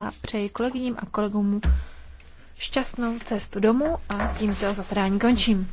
a přeji kolegyním a kolegům šťastnou cestu domů a tímto zasedání končím.